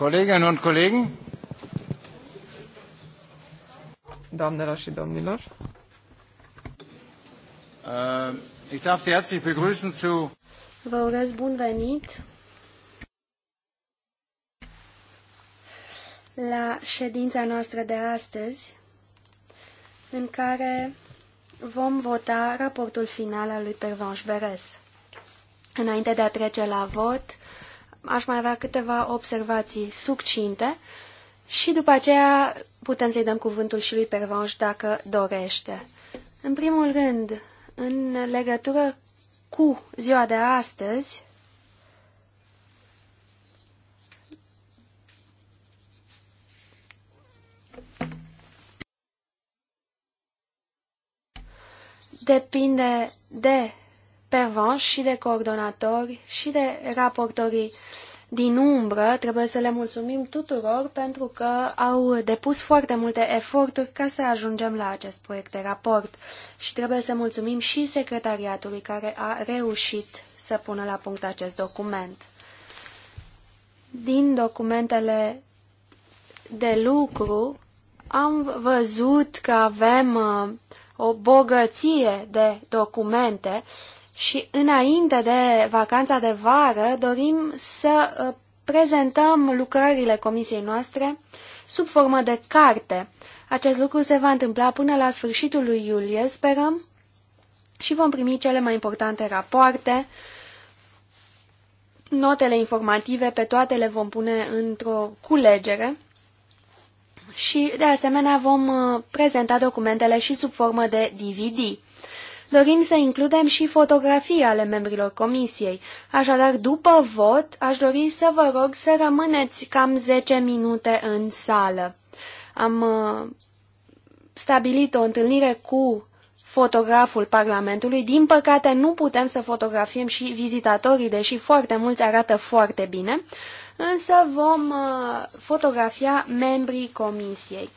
Kolleginnen und Kollegen. Doamnelor și domnilor. Uh, ich darf Sie herzlich begrüßen zu Vă urez bun venit la ședința noastră de astăzi, în care vom vota raportul final al lui Pervenș Beres. Înainte de a trece la vot, aș mai avea câteva observații succinte și după aceea putem să-i dăm cuvântul și lui Pervanș dacă dorește. În primul rând, în legătură cu ziua de astăzi, depinde de pervanși și de coordonatori și de raportorii din umbră. Trebuie să le mulțumim tuturor pentru că au depus foarte multe eforturi ca să ajungem la acest proiect de raport. Și trebuie să mulțumim și secretariatului care a reușit să pună la punct acest document. Din documentele de lucru am văzut că avem uh, o bogăție de documente și înainte de vacanța de vară dorim să uh, prezentăm lucrările comisiei noastre sub formă de carte. Acest lucru se va întâmpla până la sfârșitul lui iulie, sperăm, și vom primi cele mai importante rapoarte. Notele informative pe toate le vom pune într-o culegere și, de asemenea, vom uh, prezenta documentele și sub formă de DVD dorim să includem și fotografii ale membrilor comisiei. Așadar, după vot, aș dori să vă rog să rămâneți cam 10 minute în sală. Am uh, stabilit o întâlnire cu fotograful Parlamentului. Din păcate, nu putem să fotografiem și vizitatorii, deși foarte mulți arată foarte bine, însă vom uh, fotografia membrii comisiei.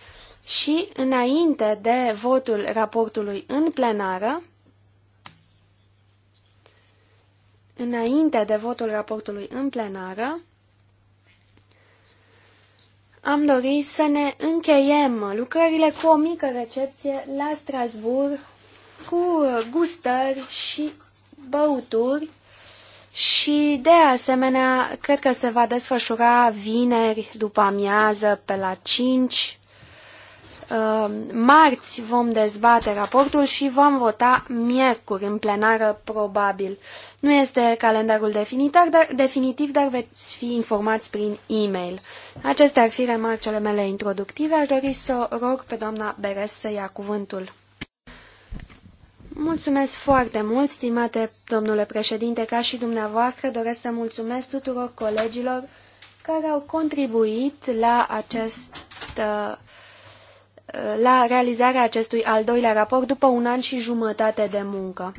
Și înainte de votul raportului în plenară, înainte de votul raportului în plenară, am dorit să ne încheiem lucrările cu o mică recepție la Strasburg cu gustări și băuturi și de asemenea cred că se va desfășura vineri după amiază pe la 5 uh, marți vom dezbate raportul și vom vota miercuri în plenară probabil. Nu este calendarul definitar, dar, definitiv, dar veți fi informați prin e-mail. Acestea ar fi remarcele mele introductive. Aș dori să rog pe doamna Beres să ia cuvântul. Mulțumesc foarte mult, stimate domnule președinte, ca și dumneavoastră doresc să mulțumesc tuturor colegilor care au contribuit la acest uh, la realizarea acestui al doilea raport după un an și jumătate de muncă.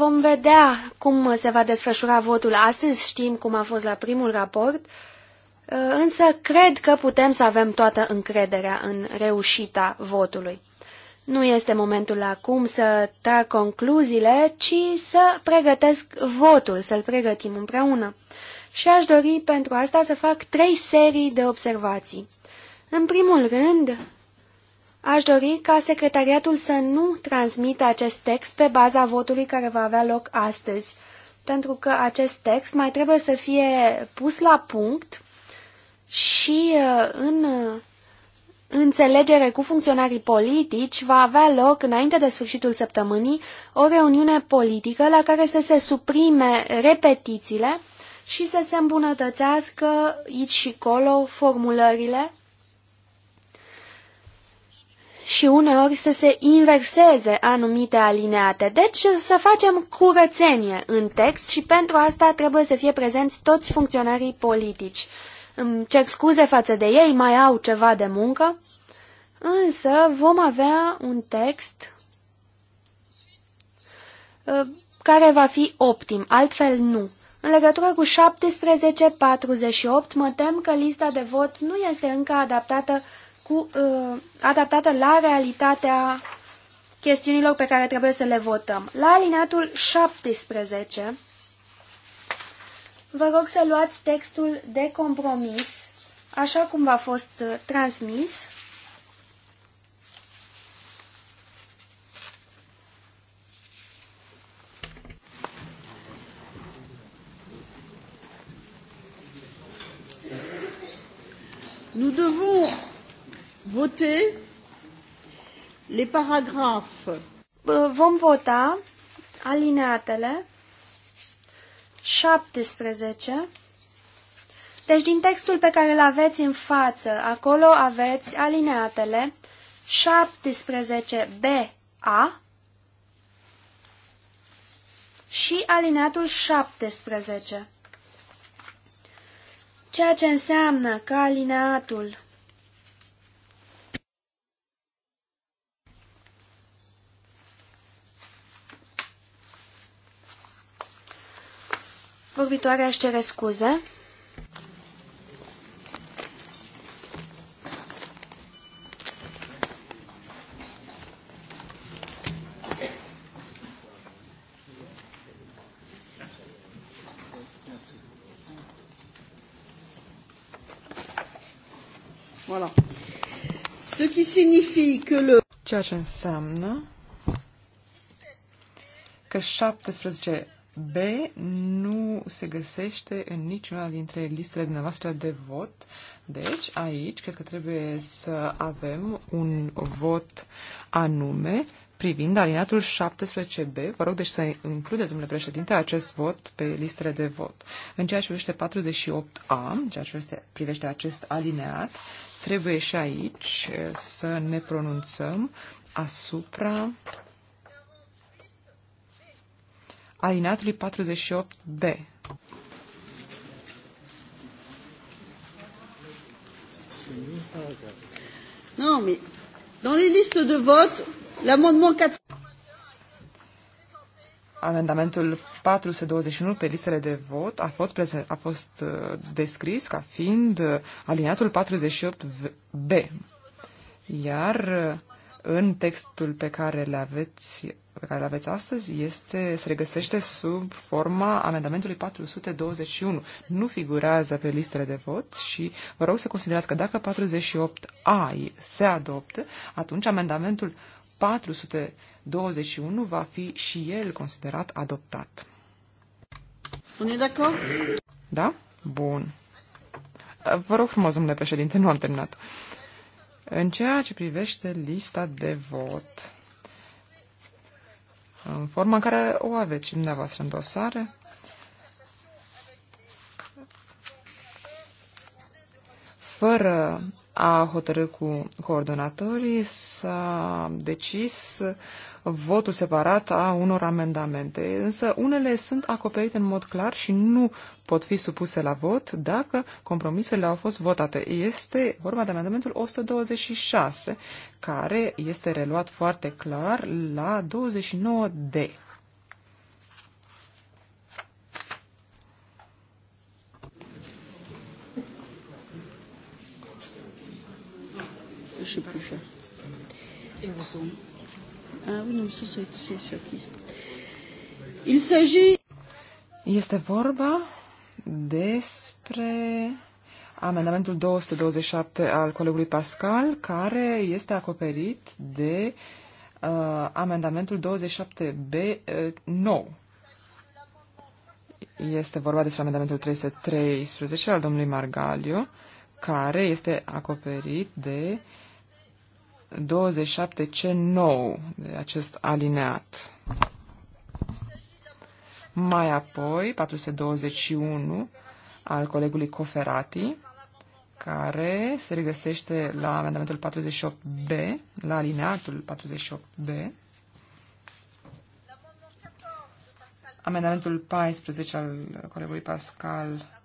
Vom vedea cum se va desfășura votul astăzi, știm cum a fost la primul raport, uh, însă cred că putem să avem toată încrederea în reușita votului. Nu este momentul acum să trag concluziile, ci să pregătesc votul, să-l pregătim împreună. Și aș dori pentru asta să fac trei serii de observații. În primul rând, Aș dori ca secretariatul să nu transmită acest text pe baza votului care va avea loc astăzi, pentru că acest text mai trebuie să fie pus la punct și uh, în uh, înțelegere cu funcționarii politici va avea loc înainte de sfârșitul săptămânii o reuniune politică la care să se suprime repetițiile și să se îmbunătățească aici și colo formulările și uneori să se inverseze anumite alineate. Deci să facem curățenie în text și pentru asta trebuie să fie prezenți toți funcționarii politici. Îmi cer scuze față de ei, mai au ceva de muncă, însă vom avea un text uh, care va fi optim, altfel nu. În legătură cu 1748, mă tem că lista de vot nu este încă adaptată cu, uh, adaptată la realitatea chestiunilor pe care trebuie să le votăm. La alineatul 17, vă rog să luați textul de compromis, așa cum v-a fost uh, transmis. Nous devons voter les paragraphes. Vom vota alineatele 17. Deci din textul pe care îl aveți în față, acolo aveți alineatele 17BA și alineatul 17. Ceea ce înseamnă că alineatul Vorbitoarea își cere scuze. Ceea ce înseamnă că 17 B nu se găsește în niciuna dintre listele dumneavoastră de vot. Deci, aici, cred că trebuie să avem un vot anume privind alineatul 17B. Vă rog deci să includeți, domnule președinte, acest vot pe listele de vot. În ceea ce privește 48A, în ceea ce privește acest alineat, trebuie și aici eh, să ne pronunțăm asupra alineatului 48B. Non, mais dans les listes de vote, l'amendement 4... Amendamentul 421 pe listele de vot a fost, prezent, a fost uh, descris ca fiind uh, aliniatul 48B. Iar uh, în textul pe care le aveți pe care le aveți astăzi este, se regăsește sub forma amendamentului 421. Nu figurează pe listele de vot și vă rog să considerați că dacă 48A se adoptă, atunci amendamentul 421 va fi și el considerat adoptat. Unii de acord? Da? Bun. Vă rog frumos, domnule președinte, nu am terminat. În ceea ce privește lista de vot, în forma în care o aveți și dumneavoastră în dosare, fără a hotărâ cu coordonatorii, s-a decis votul separat a unor amendamente, însă unele sunt acoperite în mod clar și nu pot fi supuse la vot dacă compromisurile au fost votate. Este vorba de amendamentul 126, care este reluat foarte clar la 29D. și este vorba despre amendamentul 227 al colegului Pascal, care este acoperit de uh, amendamentul 27B uh, nou. Este vorba despre amendamentul 313 al domnului Margaliu, care este acoperit de uh, 27C9 de acest alineat. Mai apoi, 421 al colegului Coferati, care se regăsește la amendamentul 48B, la alineatul 48B. Amendamentul 14 al colegului Pascal,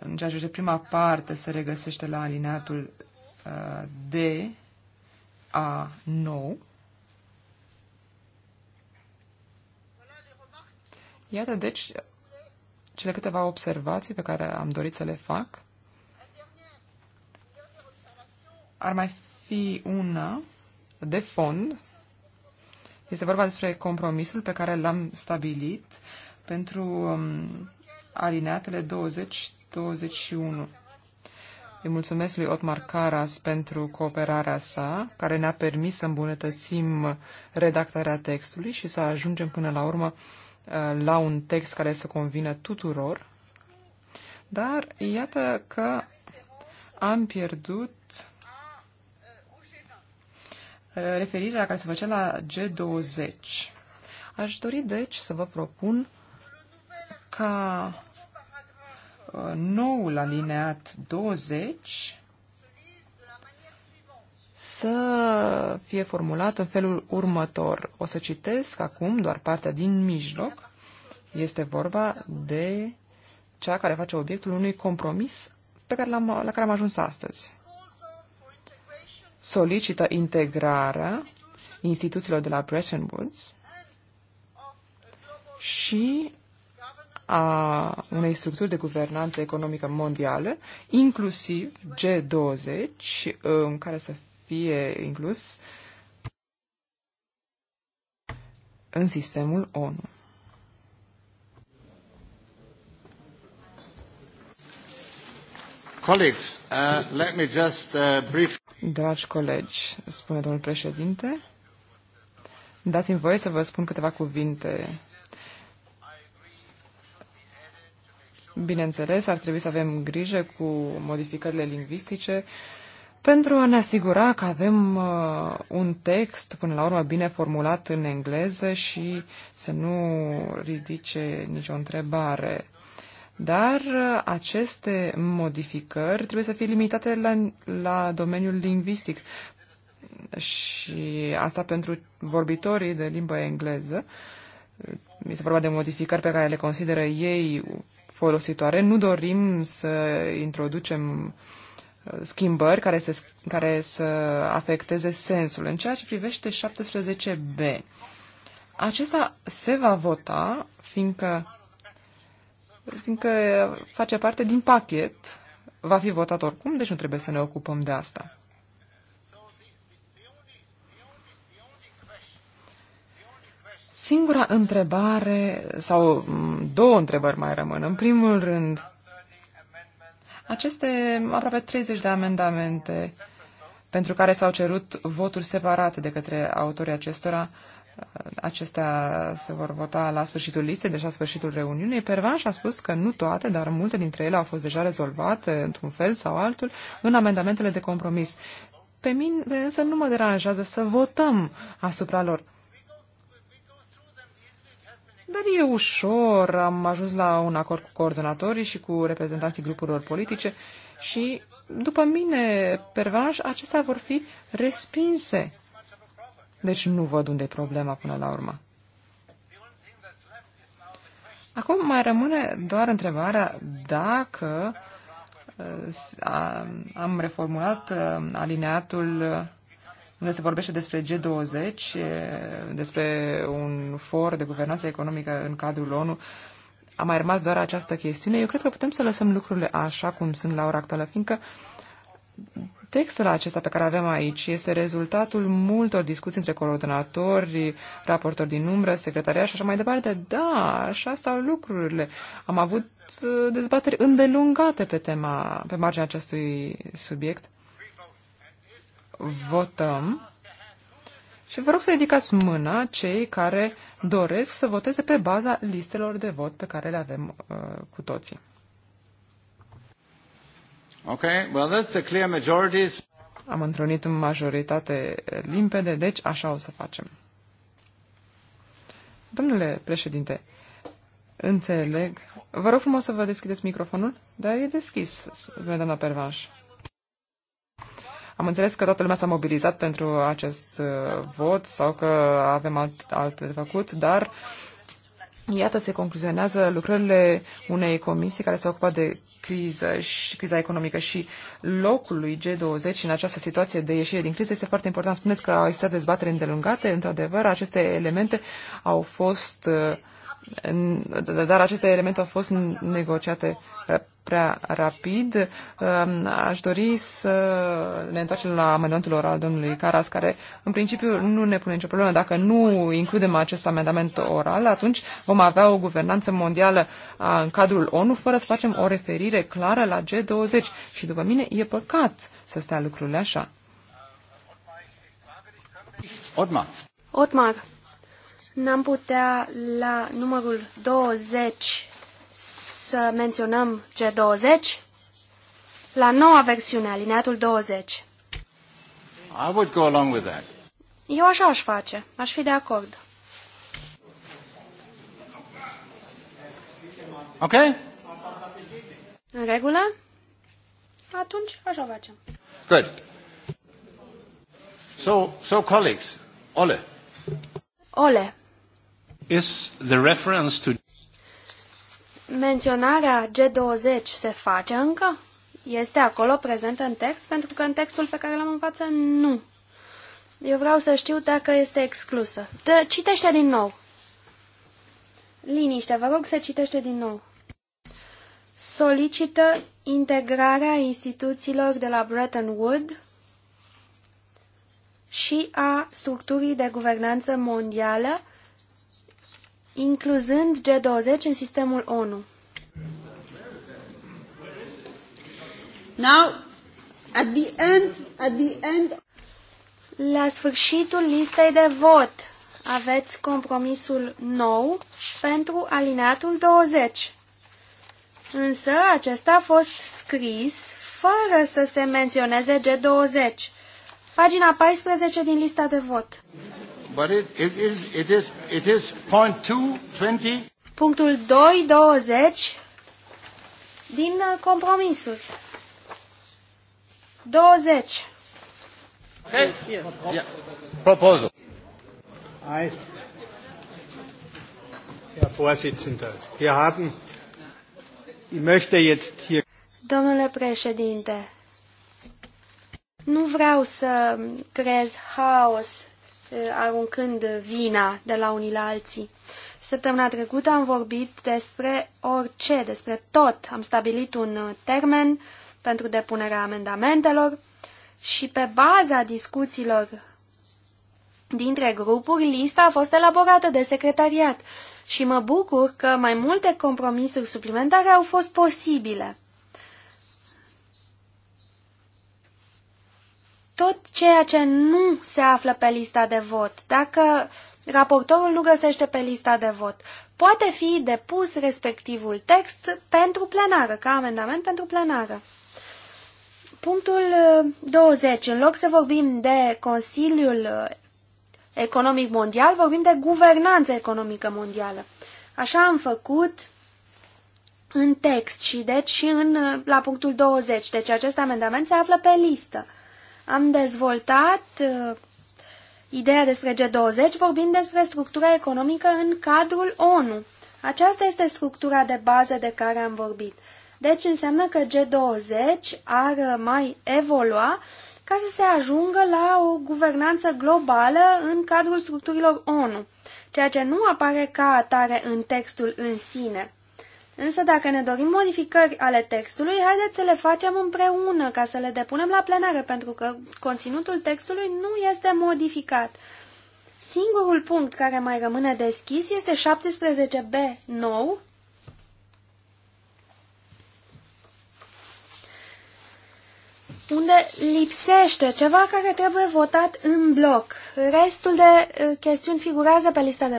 în ceea ce prima parte, se regăsește la alineatul de a nou. Iată, deci, cele câteva observații pe care am dorit să le fac. Ar mai fi una de fond. Este vorba despre compromisul pe care l-am stabilit pentru um, alineatele 20-21. Îi mulțumesc lui Otmar Caras pentru cooperarea sa, care ne-a permis să îmbunătățim redactarea textului și să ajungem până la urmă uh, la un text care să convină tuturor. Dar iată că am pierdut uh, referirea care se făcea la G20. Aș dori, deci, să vă propun ca noul alineat 20 să fie formulat în felul următor. O să citesc acum doar partea din mijloc. Este vorba de cea care face obiectul unui compromis pe care l-am, la care am ajuns astăzi. Solicită integrarea instituțiilor de la Bretton Woods și a unei structuri de guvernanță economică mondială, inclusiv G20, în care să fie inclus în sistemul ONU. Colleagues, uh, let me just uh, brief... Dragi colegi, spune domnul președinte, dați-mi voie să vă spun câteva cuvinte Bineînțeles, ar trebui să avem grijă cu modificările lingvistice pentru a ne asigura că avem uh, un text, până la urmă, bine formulat în engleză și să nu ridice nicio întrebare. Dar uh, aceste modificări trebuie să fie limitate la, la domeniul lingvistic și asta pentru vorbitorii de limba engleză. Este vorba de modificări pe care le consideră ei folositoare. Nu dorim să introducem uh, schimbări care să, care să afecteze sensul. În ceea ce privește 17b, acesta se va vota fiindcă, fiindcă face parte din pachet, va fi votat oricum, deci nu trebuie să ne ocupăm de asta. Singura întrebare, sau două întrebări mai rămân. În primul rând, aceste aproape 30 de amendamente pentru care s-au cerut voturi separate de către autorii acestora, acestea se vor vota la sfârșitul listei, deci la sfârșitul reuniunii. Pervan și-a spus că nu toate, dar multe dintre ele au fost deja rezolvate într-un fel sau altul în amendamentele de compromis. Pe mine însă nu mă deranjează să votăm asupra lor. Dar e ușor, am ajuns la un acord cu coordonatorii și cu reprezentanții grupurilor politice și, după mine, pervanș, acestea vor fi respinse. Deci nu văd unde e problema până la urmă. Acum mai rămâne doar întrebarea dacă uh, am reformulat uh, alineatul uh, unde se vorbește despre G20, despre un for de guvernanță economică în cadrul ONU. A mai rămas doar această chestiune. Eu cred că putem să lăsăm lucrurile așa cum sunt la ora actuală, fiindcă Textul acesta pe care avem aici este rezultatul multor discuții între coordonatori, raportori din umbră, secretaria și așa mai departe. Da, așa stau lucrurile. Am avut uh, dezbateri îndelungate pe tema, pe marginea acestui subiect. Votăm. Și vă rog să ridicați mâna cei care doresc să voteze pe baza listelor de vot pe care le avem uh, cu toții. Okay, well, that's a clear majority. Am întrunit în majoritate limpede, deci așa o să facem. Domnule președinte, înțeleg. Vă rog frumos să vă deschideți microfonul, dar e deschis, spune doamna Pervaș. Am înțeles că toată lumea s-a mobilizat pentru acest uh, vot sau că avem alt, alt de făcut, dar iată se concluzionează lucrările unei comisii care se ocupa de criză și criza economică și locul lui G20 în această situație de ieșire din criză este foarte important. Spuneți că au existat dezbatere îndelungate, într-adevăr, aceste elemente au fost, uh, dar aceste elemente au fost negociate prea rapid. Aș dori să ne întoarcem la amendamentul oral domnului Caras, care în principiu nu ne pune nicio problemă. Dacă nu includem acest amendament oral, atunci vom avea o guvernanță mondială în cadrul ONU fără să facem o referire clară la G20. Și după mine e păcat să stea lucrurile așa. Otmar. Otmar, n-am putea la numărul 20 să menționăm G20 la noua versiune, alineatul 20. I would go along with that. Eu așa aș face. Aș fi de acord. Ok? În regulă? Atunci așa facem. Good. So, so colleagues, Ole. Ole. Is the reference to Menționarea G20 se face încă? Este acolo prezentă în text? Pentru că în textul pe care l-am în față, nu. Eu vreau să știu dacă este exclusă. Te, citește din nou. Liniște, vă rog să citește din nou. Solicită integrarea instituțiilor de la Bretton Woods și a structurii de guvernanță mondială incluzând G20 în sistemul ONU. Now, at the end, at the end... La sfârșitul listei de vot aveți compromisul nou pentru alineatul 20. Însă acesta a fost scris fără să se menționeze G20. Pagina 14 din lista de vot. But it, it is, it is, it is point two, Punctul 2, 20 din uh, compromisuri. 20. Okay. Yeah. yeah. Proposal. I Herr Vorsitzender, wir haben, ich möchte jetzt hier. Domnule președinte, nu vreau să creez haos Eh, aruncând vina de la unii la alții. Săptămâna trecută am vorbit despre orice, despre tot. Am stabilit un uh, termen pentru depunerea amendamentelor și pe baza discuțiilor dintre grupuri, lista a fost elaborată de secretariat și mă bucur că mai multe compromisuri suplimentare au fost posibile. tot ceea ce nu se află pe lista de vot, dacă raportorul nu găsește pe lista de vot, poate fi depus respectivul text pentru plenară, ca amendament pentru plenară. Punctul 20. Uh, în loc să vorbim de Consiliul uh, Economic Mondial, vorbim de guvernanță economică mondială. Așa am făcut în text și deci și în, uh, la punctul 20. Deci acest amendament se află pe listă am dezvoltat uh, ideea despre G20 vorbind despre structura economică în cadrul ONU. Aceasta este structura de bază de care am vorbit. Deci înseamnă că G20 ar uh, mai evolua ca să se ajungă la o guvernanță globală în cadrul structurilor ONU, ceea ce nu apare ca atare în textul în sine. Însă dacă ne dorim modificări ale textului, haideți să le facem împreună ca să le depunem la plenare, pentru că conținutul textului nu este modificat. Singurul punct care mai rămâne deschis este 17b nou. unde lipsește ceva care trebuie votat în bloc. Restul de eh, chestiuni figurează pe lista de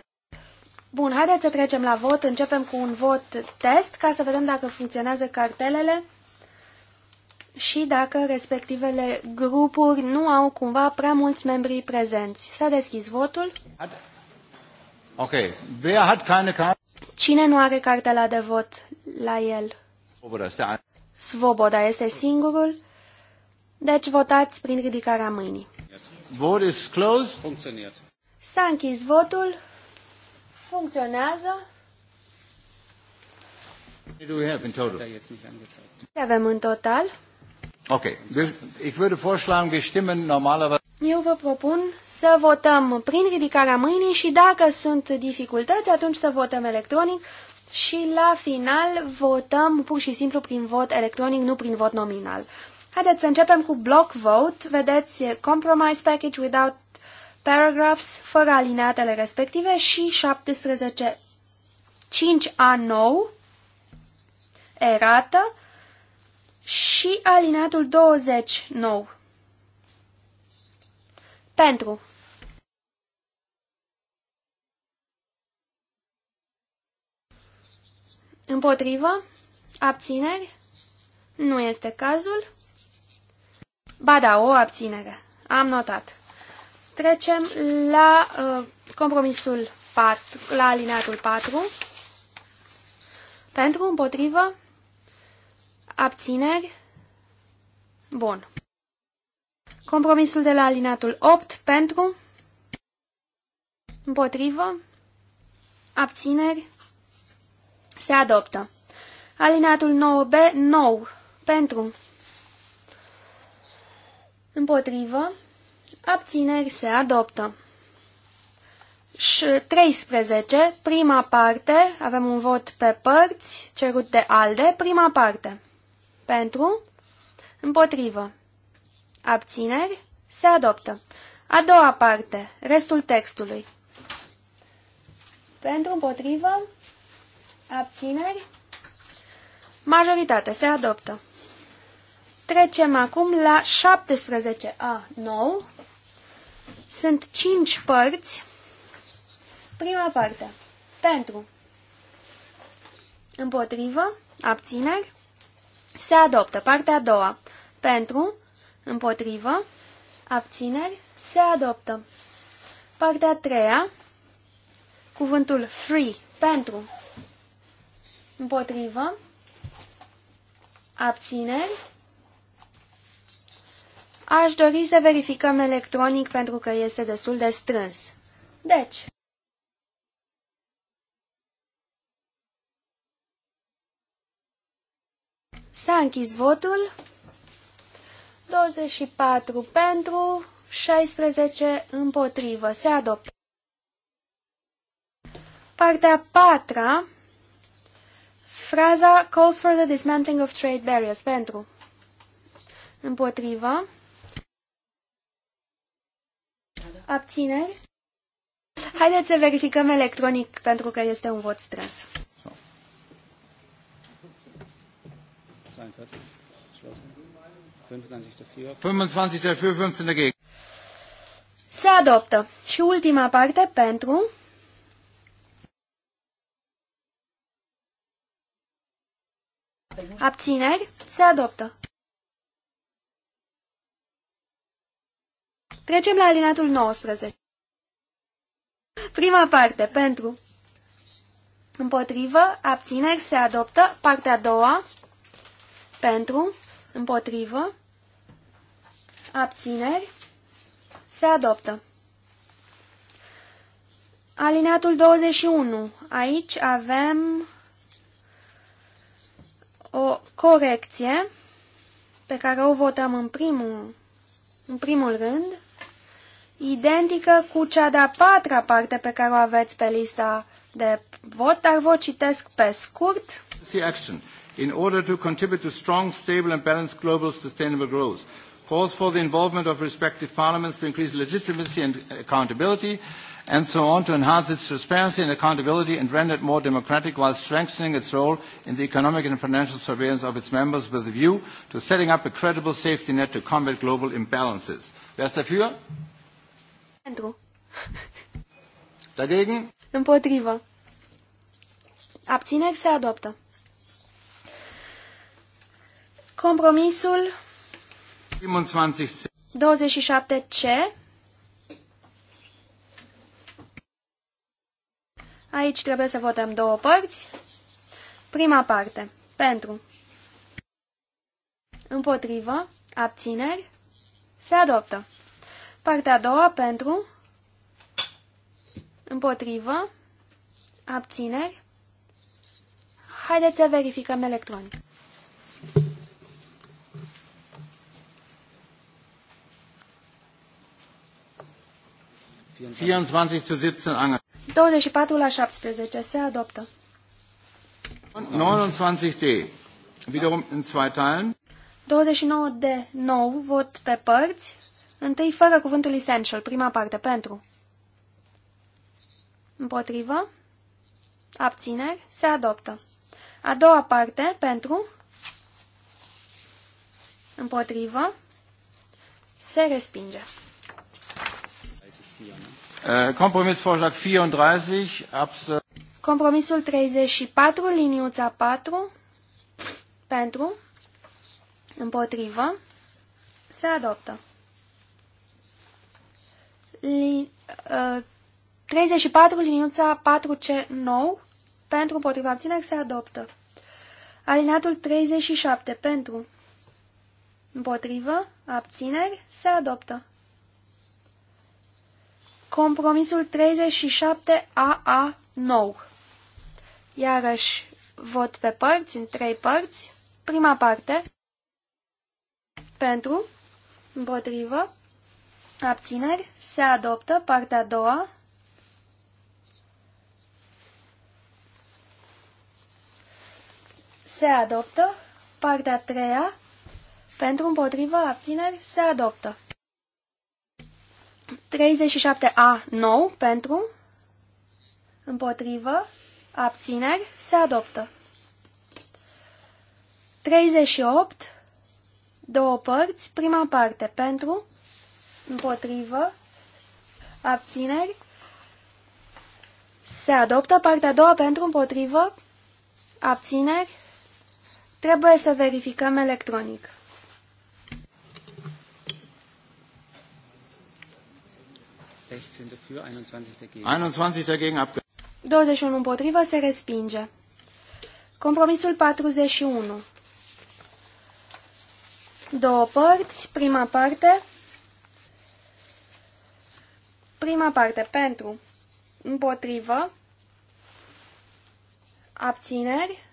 Bun, haideți să trecem la vot. Începem cu un vot test ca să vedem dacă funcționează cartelele și dacă respectivele grupuri nu au cumva prea mulți membri prezenți. S-a deschis votul. Ok. Wer hat keine Cine nu are cartela de vot la el? Svoboda este singurul. Deci votați prin ridicarea mâinii. Vot is closed. S-a închis votul funcționează. Ce avem în total? Ok. Ich würde vorschlagen, wir stimmen normalerweise... Eu vă propun să votăm prin ridicarea mâinii și dacă sunt dificultăți, atunci să votăm electronic și la final votăm pur și simplu prin vot electronic, nu prin vot nominal. Haideți să începem cu block vote. Vedeți, compromise package without paragraphs fără alineatele respective și 17 5A nou erată și alineatul 20 nou. Pentru Împotrivă? Abțineri? Nu este cazul? Ba da, o abținere. Am notat. Trecem la uh, compromisul 4, la alineatul 4. Pentru, împotrivă, abțineri. Bun. Compromisul de la alineatul 8 pentru, împotrivă, abțineri, se adoptă. Alineatul 9B, nou, pentru, împotrivă, Abțineri se adoptă. Și 13, prima parte, avem un vot pe părți, cerut de ALDE, prima parte. Pentru, împotrivă. Abțineri se adoptă. A doua parte, restul textului. Pentru, împotrivă, abțineri, majoritate se adoptă. Trecem acum la 17A, nou, sunt cinci părți. Prima parte. Pentru. Împotrivă. Abțineri. Se adoptă. Partea a doua. Pentru. Împotrivă. Abțineri. Se adoptă. Partea a treia. Cuvântul free. Pentru. Împotrivă. Abțineri. Aș dori să verificăm electronic pentru că este destul de strâns. Deci... S-a închis votul. 24 pentru, 16 împotrivă. Se adoptă. Partea 4. patra, fraza calls for the dismantling of trade barriers pentru, împotrivă, Abțineri? Haideți să verificăm electronic, pentru că este un vot strâns. Se adoptă. Și ultima parte pentru... Abțineri? Se adoptă. Trecem la alinatul 19. Prima parte, pentru. Împotrivă, abțineri, se adoptă. Partea a doua, pentru, împotrivă, abțineri, se adoptă. Alineatul 21. Aici avem o corecție pe care o votăm în primul, în primul rând identică cu cea de-a patra parte pe care o aveți pe lista de vot, dar vă citesc pe scurt. The action in order to contribute to strong, stable and balanced global sustainable growth calls for the involvement of respective parliaments to increase legitimacy and accountability and so on to enhance its transparency and accountability and render it more democratic while strengthening its role in the economic and financial surveillance of its members with a view to setting up a credible safety net to combat global imbalances. Wer ist dafür? Pentru. Dagegen. Împotrivă. Abțineri se adoptă. Compromisul 27C. Aici trebuie să votăm două părți. Prima parte. Pentru. Împotrivă. Abțineri. Se adoptă. Partea a doua pentru, împotrivă, abțineri. Haideți să verificăm electronic. zu 17 24 la 17 se adoptă. 29D. Wiederum in zwei Teilen. 29D nou, vot pe părți. Întâi, fără cuvântul essential, prima parte, pentru. Împotrivă. Abțineri. Se adoptă. A doua parte, pentru. Împotrivă. Se respinge. Uh, compromis Compromisvorschlag 34, Absatz. Compromisul 34, liniuța 4, pentru, împotrivă, se adoptă. 34 uh, liniuța 4C9 pentru împotriva abțineri se adoptă. Alineatul 37 pentru împotrivă abțineri se adoptă. Compromisul 37AA9. Iarăși vot pe părți, în trei părți. Prima parte pentru împotrivă Abțineri. Se adoptă. Partea a doua. Se adoptă. Partea a treia. Pentru împotrivă abțineri se adoptă. 37A nou pentru împotrivă abțineri se adoptă. 38 două părți, prima parte pentru Împotrivă. Abțineri. Se adoptă partea a doua pentru împotrivă. Abțineri. Trebuie să verificăm electronic. Dafür, 21 dagegen. 21 împotrivă se respinge. Compromisul 41. Două părți, prima parte Prima parte, pentru, împotrivă, abțineri,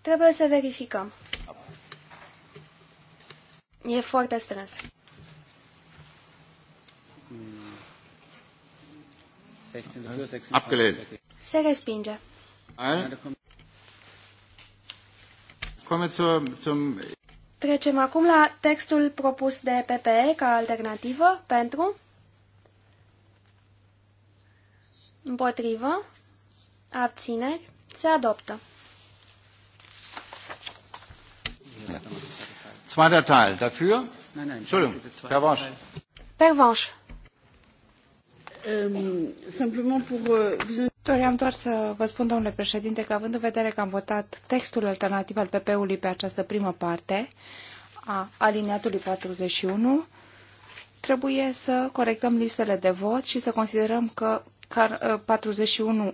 trebuie să verificăm. E foarte strâns. Abgelehnt. Se respinge. wir zum, zum Trecem acum la textul propus de PPE ca alternativă pentru împotrivă abțineri se adoptă. Zweiter Teil dafür. Entschuldigung, Pervanche. Pervanche. Euh, simplement pour vous euh, Doream doar să vă spun, domnule președinte, că având în vedere că am votat textul alternativ al PP-ului pe această primă parte a aliniatului 41, trebuie să corectăm listele de vot și să considerăm că 41A1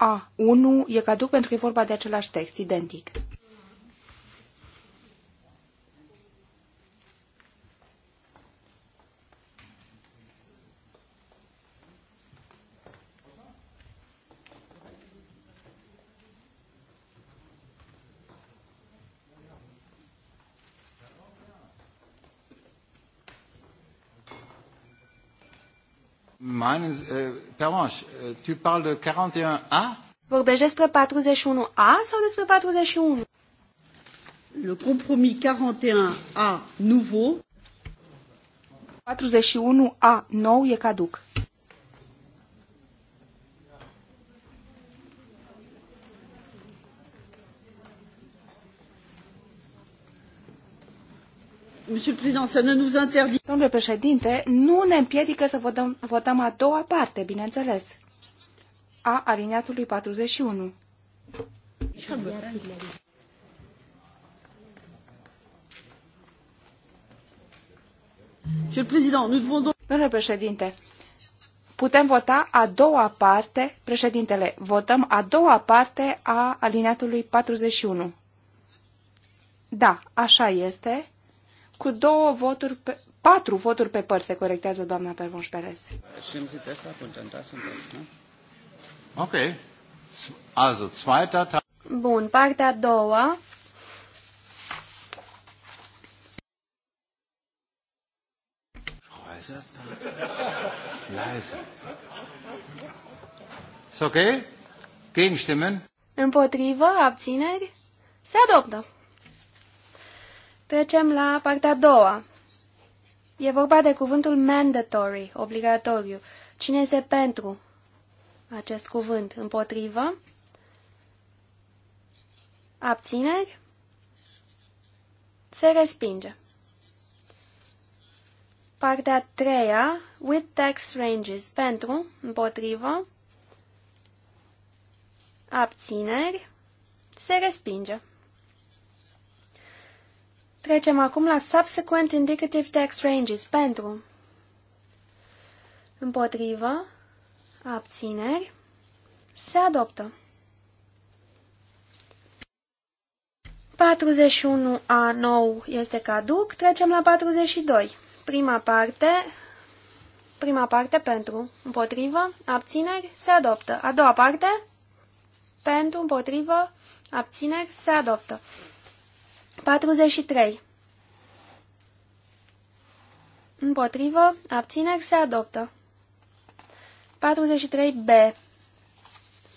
ă, e caduc pentru că e vorba de același text, identic. Uh, uh, Vorbești despre 41A sau despre 41? Le compromis 41A nouveau. 41A nou e caduc. Domnule președinte, nu ne împiedică să votăm, votăm a doua parte, bineînțeles, a aliniatului 41. Domnule președinte, putem vota a doua parte, președintele, votăm a doua parte a aliniatului 41. Da, așa este cu două voturi pe, patru voturi pe părți se corectează doamna Pervonș Perez. Ok. Also, zweiter Teil. Bun, partea a doua. Leise. Ist okay? Gegenstimmen? Împotrivă, abțineri, se adoptă. Trecem la partea a doua. E vorba de cuvântul mandatory, obligatoriu. Cine este pentru acest cuvânt? Împotrivă? Abțineri? Se respinge. Partea a treia, with tax ranges, pentru, împotrivă, abțineri, se respinge. Trecem acum la Subsequent Indicative Tax Ranges. Pentru. Împotrivă. Abțineri. Se adoptă. 41A 9 este caduc. Trecem la 42. Prima parte. Prima parte pentru. Împotrivă. Abțineri. Se adoptă. A doua parte. Pentru. Împotrivă. Abțineri. Se adoptă. 43. Împotrivă, abțineri se adoptă. 43b.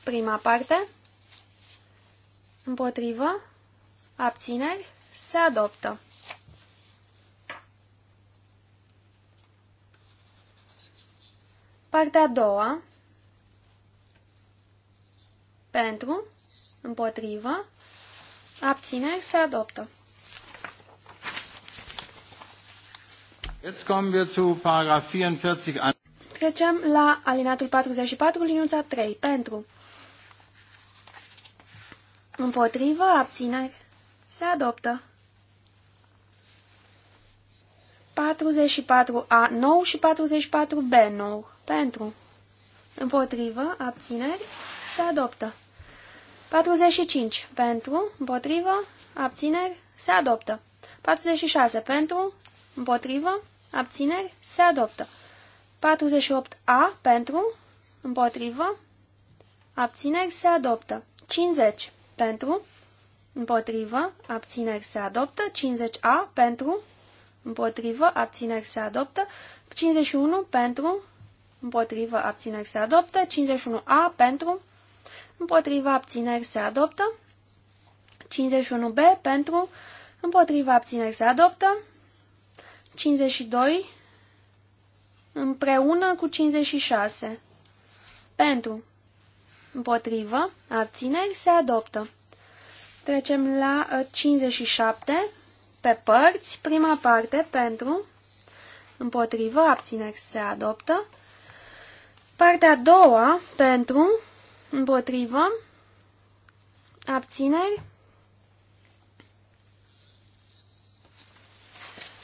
Prima parte. Împotrivă, abțineri se adoptă. Partea a doua. Pentru, împotrivă, Abține, se adoptă. Trecem la alinatul 44, liniuța 3. Pentru. Împotrivă, abțineri. Se adoptă. 44A9 și 44B9. Pentru. Împotrivă, abțineri. Se adoptă. 45 pentru, împotrivă, abțineri, se adoptă. 46 pentru, împotrivă, abțineri, se adoptă. 48A pentru, împotrivă, abțineri, se adoptă. 50 pentru, împotrivă, abțineri, se adoptă. 50A pentru, împotrivă, abțineri, se adoptă. 51 pentru, împotrivă, abțineri, se adoptă. 51A pentru, împotriva abțineri se adoptă. 51B pentru, împotriva abțineri se adoptă. 52 împreună cu 56 pentru, împotrivă, abțineri se adoptă. Trecem la 57 ă, pe părți, prima parte pentru, împotrivă, abțineri se adoptă. Partea a doua pentru, Împotrivă. Abțineri.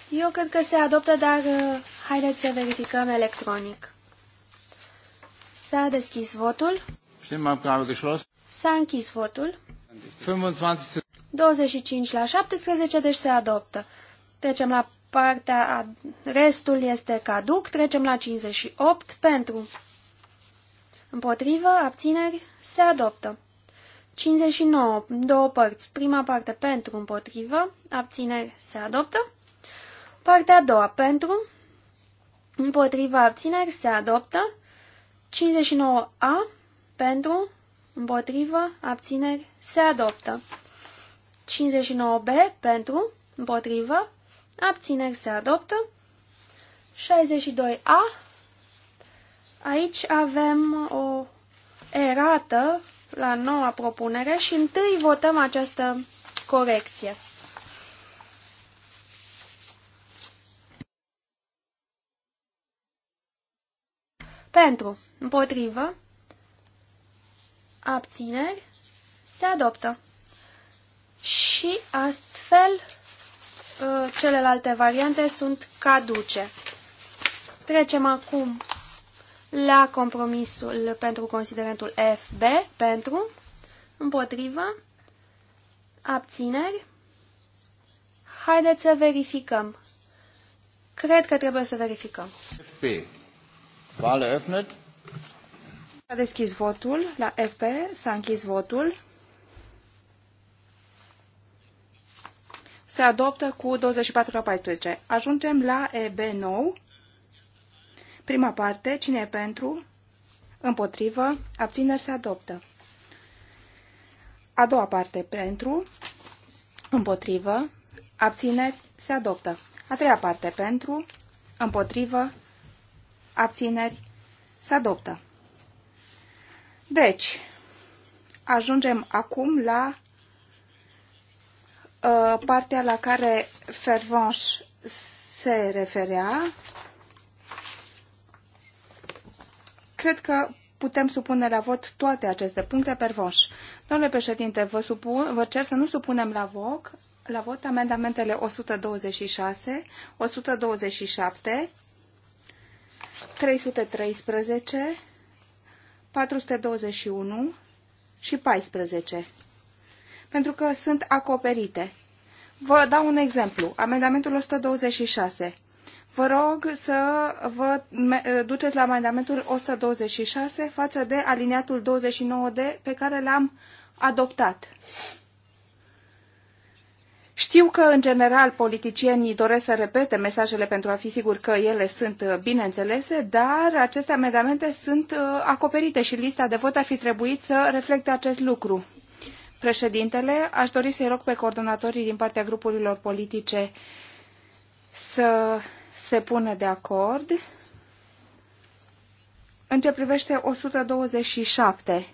Eu cred că se adoptă, dar uh, haideți să verificăm electronic. S-a deschis votul. S-a închis votul. 25 la 17, deci se adoptă. Trecem la partea, a, restul este caduc, trecem la 58 pentru Împotrivă, abțineri, se adoptă. 59. Două părți. Prima parte pentru, împotrivă, abțineri, se adoptă. Partea a doua pentru, împotrivă, abțineri, se adoptă. 59A pentru, împotrivă, abțineri, se adoptă. 59B pentru, împotrivă, abțineri, se adoptă. 62A Aici avem o erată la noua propunere și întâi votăm această corecție. Pentru, împotrivă, abțineri, se adoptă. Și astfel uh, celelalte variante sunt caduce. Trecem acum la compromisul pentru considerentul FB, pentru, împotrivă, abțineri. Haideți să verificăm. Cred că trebuie să verificăm. FB. Vale öffnet. S-a deschis votul la FB, s-a închis votul. Se adoptă cu 24 la 14. Ajungem la EB9. Prima parte, cine e pentru? Împotrivă, abțineri se adoptă. A doua parte, pentru, împotrivă, abțineri se adoptă. A treia parte, pentru, împotrivă, abțineri se adoptă. Deci, ajungem acum la uh, partea la care Fervanș se referea, Cred că putem supune la vot toate aceste puncte per voș. Domnule președinte, vă, supun, vă cer să nu supunem la vot, la vot amendamentele 126, 127, 313, 421 și 14, pentru că sunt acoperite. Vă dau un exemplu. Amendamentul 126. Vă rog să vă eh, duceți la amendamentul 126 față de aliniatul 29D pe care l-am adoptat. Știu că, în general, politicienii doresc să repete mesajele pentru a fi sigur că ele sunt eh, bine înțelese, dar aceste amendamente sunt eh, acoperite și lista de vot ar fi trebuit să reflecte acest lucru. Președintele, aș dori să-i rog pe coordonatorii din partea grupurilor politice să se pună de acord în ce privește 127.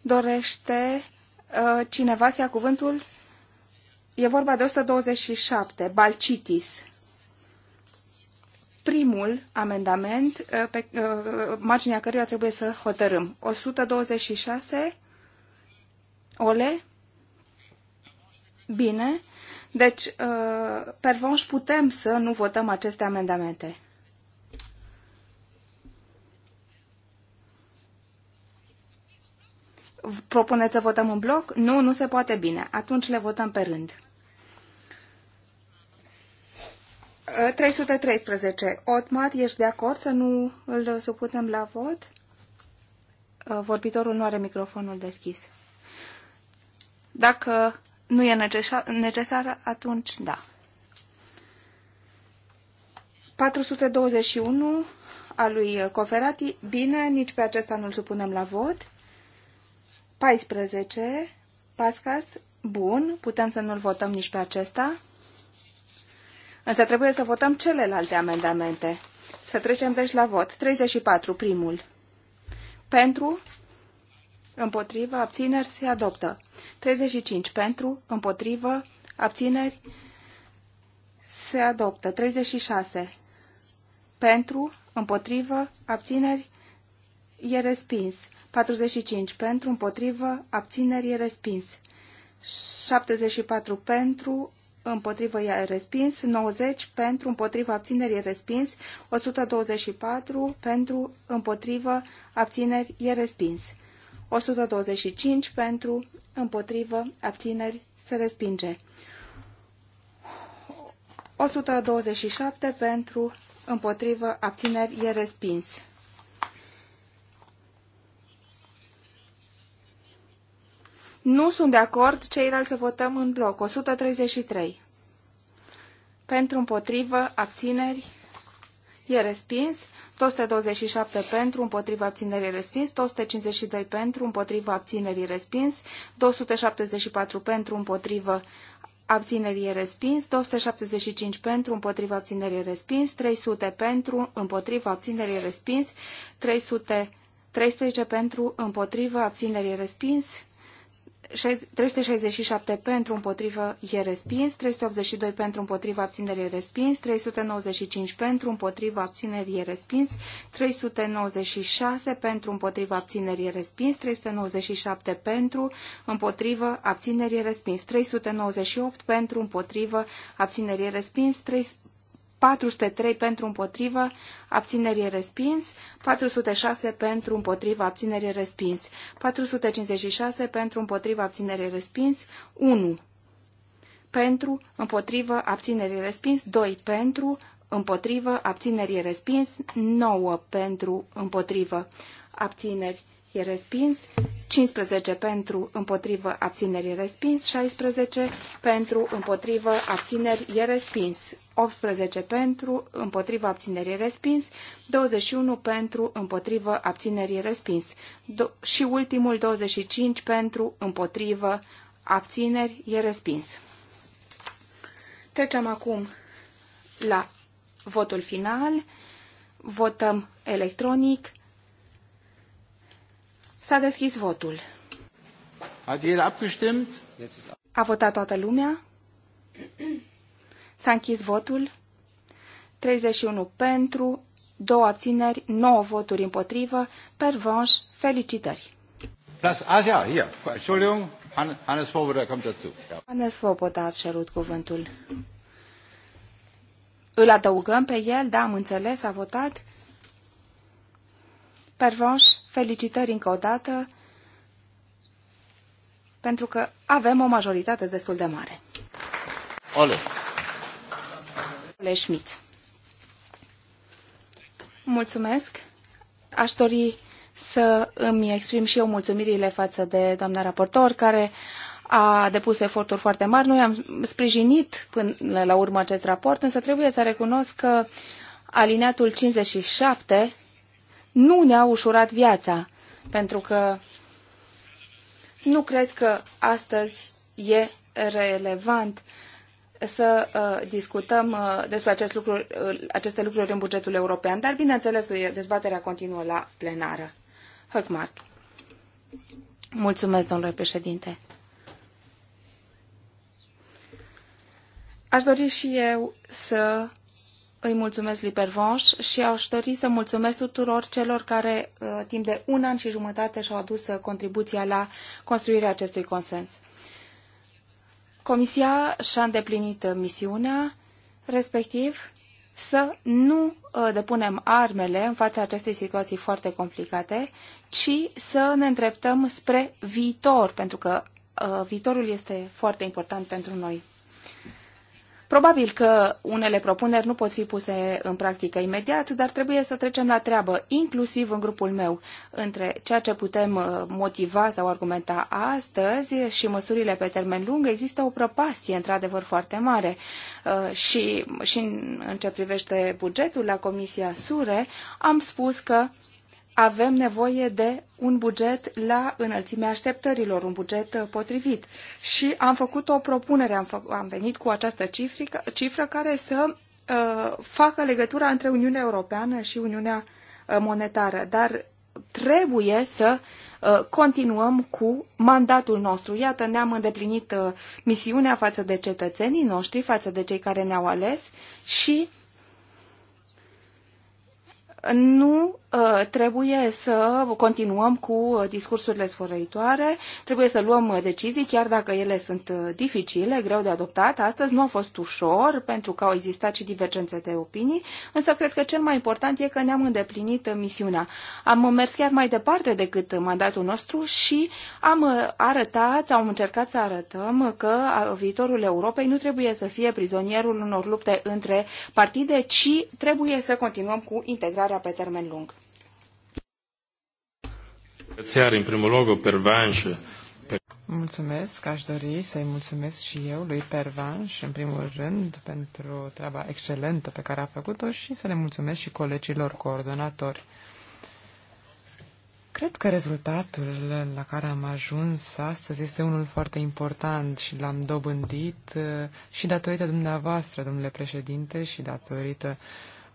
Dorește uh, cineva să ia cuvântul? E vorba de 127, Balcitis. Primul amendament uh, pe uh, marginea căruia trebuie să hotărâm. 126, Ole? Bine, deci, uh, per putem să nu votăm aceste amendamente. Propuneți să votăm în bloc? Nu, nu se poate bine. Atunci le votăm pe rând. 313. Uh, Otmar, ești de acord să nu îl supunem la vot? Uh, vorbitorul nu are microfonul deschis. Dacă nu e necesar, atunci da. 421 a lui Coferati, bine, nici pe acesta nu-l supunem la vot. 14, Pascas, bun, putem să nu-l votăm nici pe acesta. Însă trebuie să votăm celelalte amendamente. Să trecem deci la vot. 34, primul. Pentru, împotrivă, abțineri, se adoptă. 35 pentru, împotrivă, abțineri, se adoptă. 36 pentru, împotrivă, abțineri, e respins. 45 pentru, împotrivă, abțineri, e respins. 74 pentru, împotrivă, e respins. 90 pentru, împotrivă, abțineri, e respins. 124 pentru, împotrivă, abțineri, e respins. 125 pentru, împotrivă, abțineri, se respinge. 127 pentru, împotrivă, abțineri, e respins. Nu sunt de acord, ceilalți să votăm în bloc. 133. Pentru, împotrivă, abțineri, e respins, 227 pentru, împotriva abținerii respins, 252 pentru, împotriva abținerii respins, 274 pentru, împotriva abținerii respins, 275 pentru, împotriva abținerii respins, 300 pentru, împotriva abținerii respins, 313 pentru, împotriva abținerii respins, 367 pentru împotrivă e respins, 382 pentru împotriva abținerii e respins, 395 pentru împotriva abținerii e respins, 396 pentru împotriva abținerii e respins, 397 pentru împotriva abținerii e respins, 398 pentru împotriva abținerii e respins, 3 403 pentru împotrivă, abținerii respins, 406 pentru împotrivă, abținerii respins, 456 pentru împotrivă, abținerii respins, 1 pentru, împotrivă, abținerii respins, 2 pentru, împotrivă, abținerii respins, 9 pentru, împotrivă, abțineri e respins, 15 pentru, împotrivă, abțineri e respins, 16 pentru, împotrivă, abțineri e respins, 18 pentru, împotriva abținerii respins, 21 pentru, împotriva abținerii respins Do- și ultimul 25 pentru, împotriva abțineri e respins. Trecem acum la votul final. Votăm electronic. S-a deschis votul. A votat toată lumea? S-a închis votul. 31 pentru, 2 abțineri, 9 voturi împotrivă. Pervanș, felicitări! Das, Asia, ah, hier, Entschuldigung, Hannes Svoboda kommt dazu. Ja. Hannes Svoboda ați cerut cuvântul. Îl adăugăm pe el, da, am înțeles, a votat. Pervanș, felicitări încă o dată, pentru că avem o majoritate destul de mare. Ole. Domnule Schmidt. Mulțumesc. Aș dori să îmi exprim și eu mulțumirile față de doamna raportor, care a depus eforturi foarte mari. Noi am sprijinit până la urmă acest raport, însă trebuie să recunosc că alineatul 57 nu ne-a ușurat viața, pentru că nu cred că astăzi e relevant uh, să uh, discutăm uh, despre acest lucru, uh, aceste lucruri în bugetul european, dar bineînțeles dezbaterea continuă la plenară. Hăcmat. Mulțumesc, domnule președinte. Aș dori și eu să îi mulțumesc lui Pervanș și aș dori să mulțumesc tuturor celor care timp de un an și jumătate și-au adus contribuția la construirea acestui consens. Comisia și-a îndeplinit misiunea, respectiv să nu uh, depunem armele în fața acestei situații foarte complicate, ci să ne îndreptăm spre viitor, pentru că uh, viitorul este foarte important pentru noi. Probabil că unele propuneri nu pot fi puse în practică imediat, dar trebuie să trecem la treabă, inclusiv în grupul meu, între ceea ce putem uh, motiva sau argumenta astăzi și măsurile pe termen lung. Există o prăpastie, într-adevăr, foarte mare. Uh, și, și în ce privește bugetul la Comisia Sure, am spus că avem nevoie de un buget la înălțimea așteptărilor, un buget uh, potrivit. Și am făcut o propunere, am, fă, am venit cu această cifrică, cifră care să uh, facă legătura între Uniunea Europeană și Uniunea uh, Monetară. Dar trebuie să uh, continuăm cu mandatul nostru. Iată, ne-am îndeplinit uh, misiunea față de cetățenii noștri, față de cei care ne-au ales și uh, nu uh, trebuie să continuăm cu discursurile sfărăitoare, trebuie să luăm decizii, chiar dacă ele sunt uh, dificile, greu de adoptat. Astăzi nu a fost ușor, pentru că au existat și divergențe de opinii, însă cred că cel mai important e că ne-am îndeplinit misiunea. Am mers chiar mai departe decât mandatul nostru și am uh, arătat, sau am încercat să arătăm că viitorul Europei nu trebuie să fie prizonierul unor lupte între partide, ci trebuie să continuăm cu integrarea dezvoltarea pe termen lung. în primul loc, Mulțumesc, aș dori să-i mulțumesc și eu lui Pervanș, în primul rând, pentru treaba excelentă pe care a făcut-o și să le mulțumesc și colegilor coordonatori. Cred că rezultatul la care am ajuns astăzi este unul foarte important și l-am dobândit uh, și datorită dumneavoastră, domnule președinte, și datorită uh,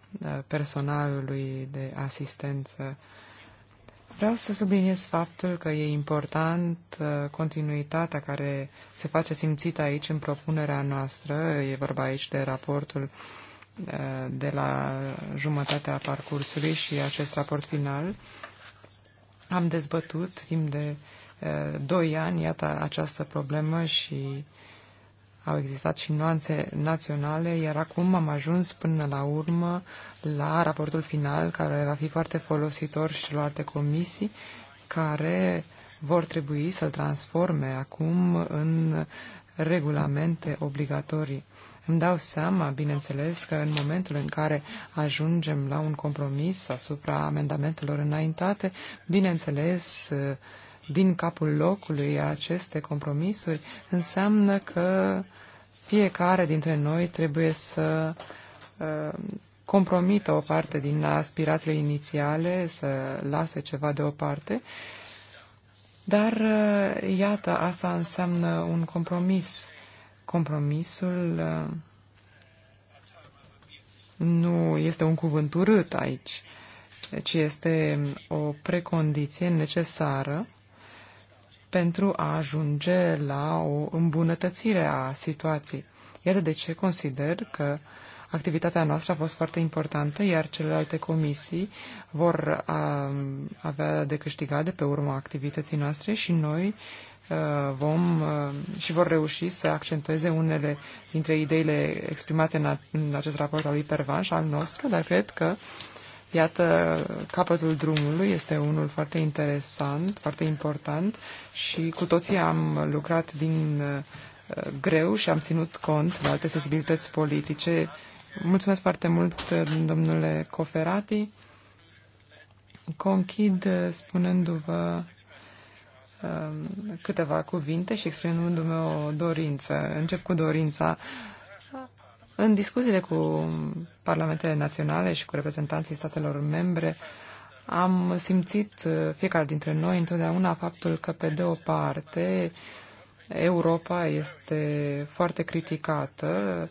da, personalului de asistență. Vreau să subliniez faptul că e important uh, continuitatea care se face simțită aici în propunerea noastră. E vorba aici de raportul uh, de la jumătatea parcursului și acest raport final. Am dezbătut timp de uh, doi ani, iată, această problemă și au existat și nuanțe naționale, iar acum am ajuns până la urmă la raportul final, care va fi foarte folositor și alte comisii, care vor trebui să-l transforme acum în regulamente obligatorii. Îmi dau seama, bineînțeles, că în momentul în care ajungem la un compromis asupra amendamentelor înaintate, bineînțeles, din capul locului aceste compromisuri, înseamnă că fiecare dintre noi trebuie să uh, compromită o parte din aspirațiile inițiale, să lase ceva deoparte. Dar, uh, iată, asta înseamnă un compromis. Compromisul uh, nu este un cuvânt urât aici, ci este o precondiție necesară pentru a ajunge la o îmbunătățire a situației. Iată de ce consider că activitatea noastră a fost foarte importantă, iar celelalte comisii vor um, avea de câștigat de pe urma activității noastre și noi uh, vom uh, și vor reuși să accentueze unele dintre ideile exprimate în, în acest raport al lui Pervan și al nostru, dar cred că Iată, capătul drumului este unul foarte interesant, foarte important și cu toții am lucrat din uh, greu și am ținut cont de alte sensibilități politice. Mulțumesc foarte mult, domnule Coferati. Conchid uh, spunându-vă um, câteva cuvinte și exprimându-mi o dorință. Încep cu dorința în discuțiile cu parlamentele naționale și cu reprezentanții statelor membre, am simțit uh, fiecare dintre noi întotdeauna faptul că, pe de o parte, Europa este foarte criticată,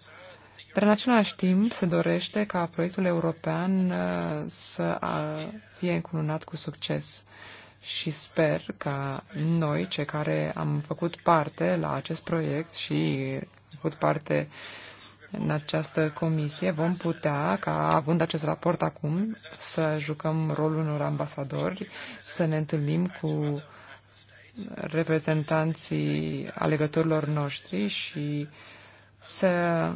dar în același timp se dorește ca proiectul european uh, să fie încununat cu succes. Și sper ca noi, cei care am făcut parte la acest proiect și am făcut parte uh, în această comisie, vom putea, ca având acest raport acum, să jucăm rolul unor ambasadori, să ne întâlnim cu reprezentanții alegătorilor noștri și să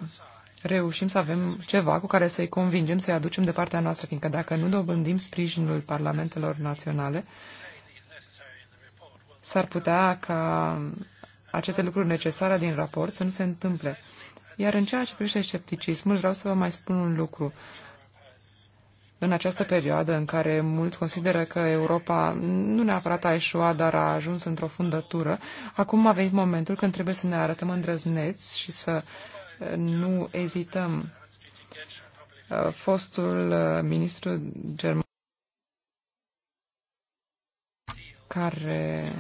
reușim să avem ceva cu care să-i convingem, să-i aducem de partea noastră, fiindcă dacă nu dobândim sprijinul parlamentelor naționale, s-ar putea ca aceste lucruri necesare din raport să nu se întâmple. Iar în ceea ce privește scepticismul, vreau să vă mai spun un lucru. În această perioadă în care mulți consideră că Europa nu neapărat a eșuat, dar a ajuns într-o fundătură, acum a venit momentul când trebuie să ne arătăm îndrăzneți și să eh, nu ezităm. Eh, fostul eh, ministru german care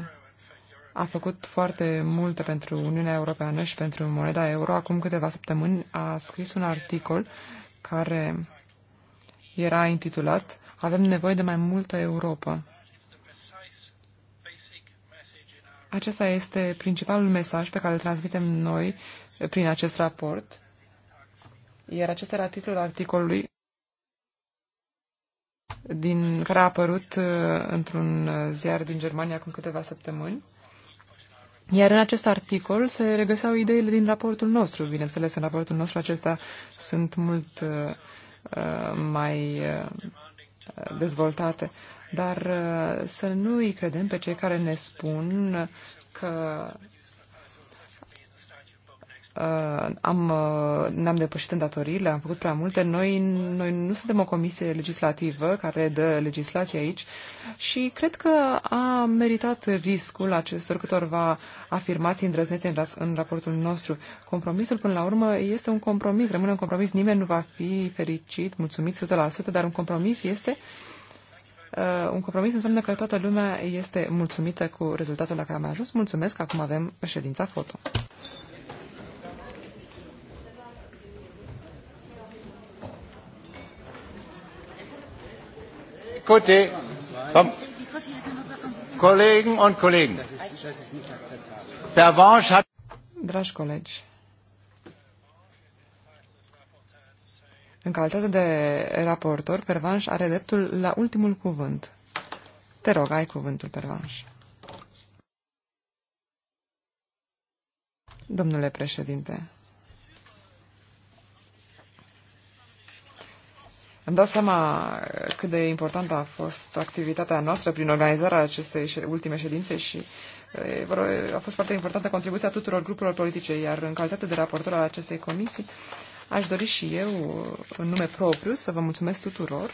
a făcut foarte multe pentru Uniunea Europeană și pentru moneda euro. Acum câteva săptămâni a scris un articol care era intitulat Avem nevoie de mai multă Europa. Acesta este principalul mesaj pe care îl transmitem noi prin acest raport. Iar acesta era titlul articolului din, care a apărut uh, într-un uh, ziar din Germania acum câteva săptămâni. Iar în acest articol se regăseau ideile din raportul nostru. Bineînțeles, în raportul nostru acestea sunt mult uh, uh mai uh, dezvoltate. Dar uh, să nu îi credem pe cei care ne spun că Uh, am, uh, ne-am depășit îndatoririle, am făcut prea multe. Noi, noi nu suntem o comisie legislativă care dă legislație aici și cred că a meritat riscul acestor câtorva afirmații îndrăznețe în, în raportul nostru. Compromisul, până la urmă, este un compromis, rămâne un compromis, nimeni nu va fi fericit, mulțumit 100%, dar un compromis este Uh, un compromis înseamnă că toată lumea este mulțumită cu rezultatul la care am ajuns. Mulțumesc, acum avem ședința foto. Côté, vom Kollegen und Kollegen. hat... Dragi colegi, în calitate de raportor, Pervanș are dreptul la ultimul cuvânt. Te rog, ai cuvântul, Pervanș. Domnule președinte, Îmi dau seama cât de importantă a fost activitatea noastră prin organizarea acestei ultime ședințe și a fost foarte importantă contribuția tuturor grupurilor politice, iar în calitate de raportor al acestei comisii, aș dori și eu, în nume propriu, să vă mulțumesc tuturor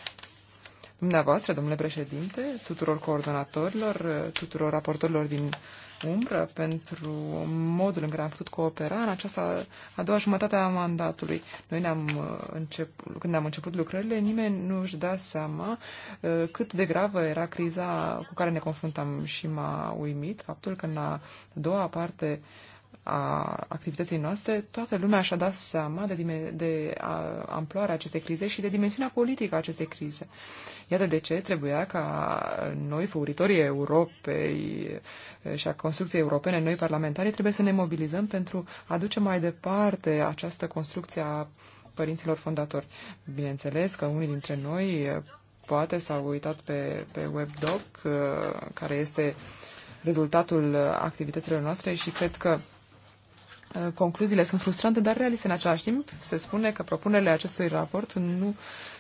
dumneavoastră, domnule președinte, tuturor coordonatorilor, tuturor raportorilor din umbră pentru modul în care am putut coopera în această a doua jumătate a mandatului. Noi ne-am uh, început, când am început lucrările, nimeni nu își da seama uh, cât de gravă era criza cu care ne confruntam și m-a uimit faptul că în a doua parte a activității noastre, toată lumea și-a dat seama de, de a, amploarea acestei crize și de dimensiunea politică a acestei crize. Iată de ce trebuia ca noi, făuritorii Europei și a construcției europene, noi parlamentari, trebuie să ne mobilizăm pentru a duce mai departe această construcție a părinților fondatori. Bineînțeles că unii dintre noi poate s-au uitat pe, pe WebDoc, care este rezultatul activităților noastre și cred că Uh, concluziile sunt frustrante, dar realiste în același timp. Se spune că propunerile acestui raport nu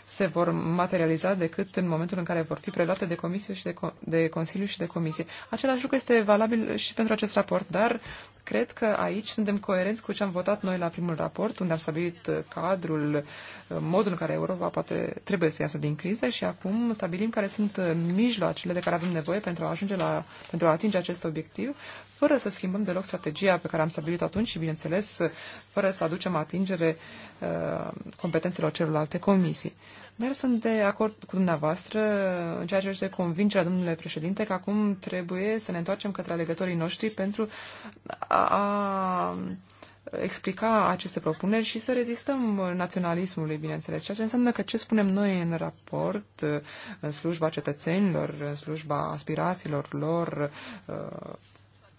se vor materializa decât în momentul în care vor fi preluate de, comisie și de, de Consiliu și de Comisie. Același lucru este valabil și pentru acest raport, dar cred că aici suntem coerenți cu ce am votat noi la primul raport, unde am stabilit uh, cadrul, uh, modul în care Europa poate, trebuie să iasă din criză și acum stabilim care sunt mijloacele de care avem nevoie pentru a, ajunge la, pentru a atinge acest obiectiv, fără să schimbăm deloc strategia pe care am stabilit atunci și, bineînțeles, fără să aducem atingere uh, competențelor celorlalte comisii. Dar sunt de acord cu dumneavoastră în ceea ce este convingerea, domnule președinte, că acum trebuie să ne întoarcem către alegătorii noștri pentru a, a explica aceste propuneri și să rezistăm naționalismului, bineînțeles, ceea ce înseamnă că ce spunem noi în raport, în slujba cetățenilor, în slujba aspirațiilor lor, uh,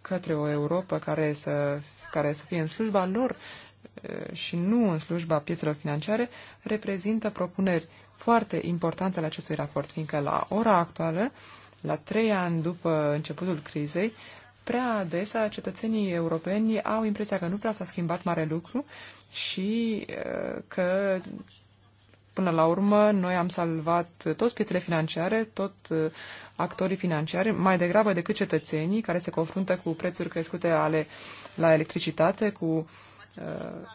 către o Europa care să, care să fie în slujba lor și nu în slujba piețelor financiare, reprezintă propuneri foarte importante la acestui raport, fiindcă la ora actuală, la trei ani după începutul crizei, prea adesea cetățenii europeni au impresia că nu prea s-a schimbat mare lucru și că Până la urmă, noi am salvat toți piețele financiare, tot uh, actorii financiari, mai degrabă decât cetățenii care se confruntă cu prețuri crescute ale la electricitate, cu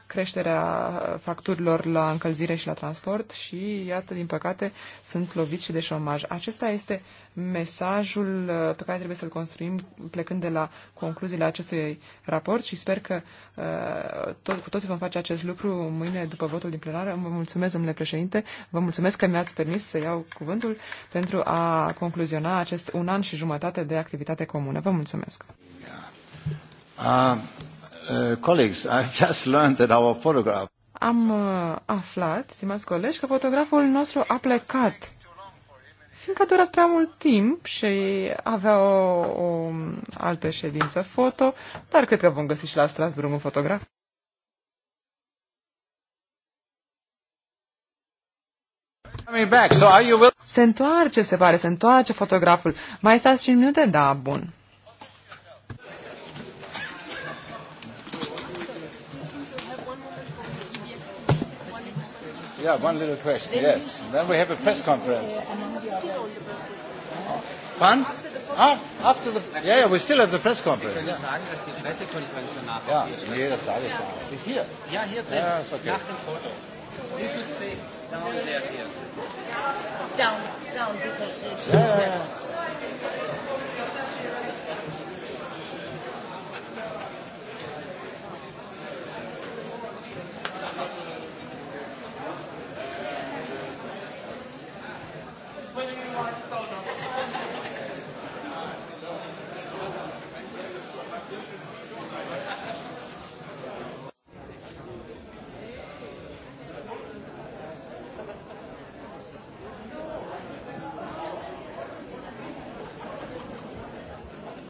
creșterea facturilor la încălzire și la transport și, iată, din păcate, sunt loviți și de șomaj. Acesta este mesajul uh, pe care trebuie să-l construim plecând de la concluziile acestui raport și sper că uh, tot, cu toții vom face acest lucru mâine după votul din plenară. Vă mulțumesc, domnule președinte, vă mulțumesc că mi-ați permis să iau cuvântul pentru a concluziona acest un an și jumătate de activitate comună. Vă mulțumesc! Yeah. Uh... Uh, colleagues, just learned that our photograph... Am uh, aflat, stimați colegi, că fotograful nostru a plecat fiindcă a durat prea mult timp și avea o, o altă ședință foto, dar cred că vom găsi și la Strasburg un fotograf. Se întoarce, se pare, se întoarce fotograful. Mai stați 5 minute? Da, bun. Yeah, one little question, yes. then we have a press conference. Fun? Ah, after the, yeah, yeah, we still have the press conference. Sie können sagen, dass die Pressekonferenz danach Ja, nee, Yeah, sage ich gar Ist hier? Ja, hier drin. Ja, ist okay. You should stay down there here. Down, down, because it's yeah.